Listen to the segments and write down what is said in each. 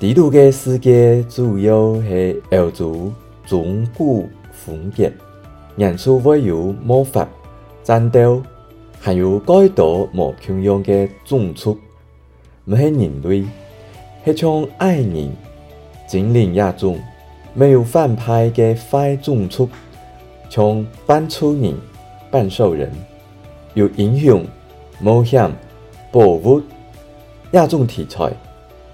第六個世界主要係歐洲中古風格，人數會有魔法、戰鬥，還有較多魔幻樣嘅種族，唔係人類，係像矮人、精靈亞種，沒有反派嘅壞種族，像半獸人、半獸人，有英雄、冒險、博物亞種題材。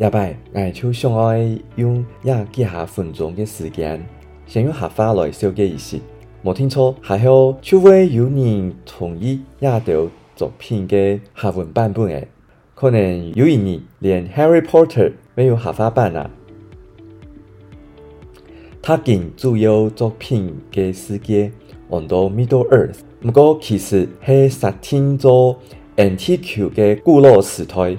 也白，艾秋想愛用也幾下分鐘嘅時間，想用客話來紹介一下。冇聽錯，還好除非有人同意亞豆作品嘅客文版本嘅，可能有一年連《Harry Potter》沒有客話版啊。他建主要作品嘅世界，安、嗯、到 Middle Earth，不過其實是設定做 NTQ 的古老時代。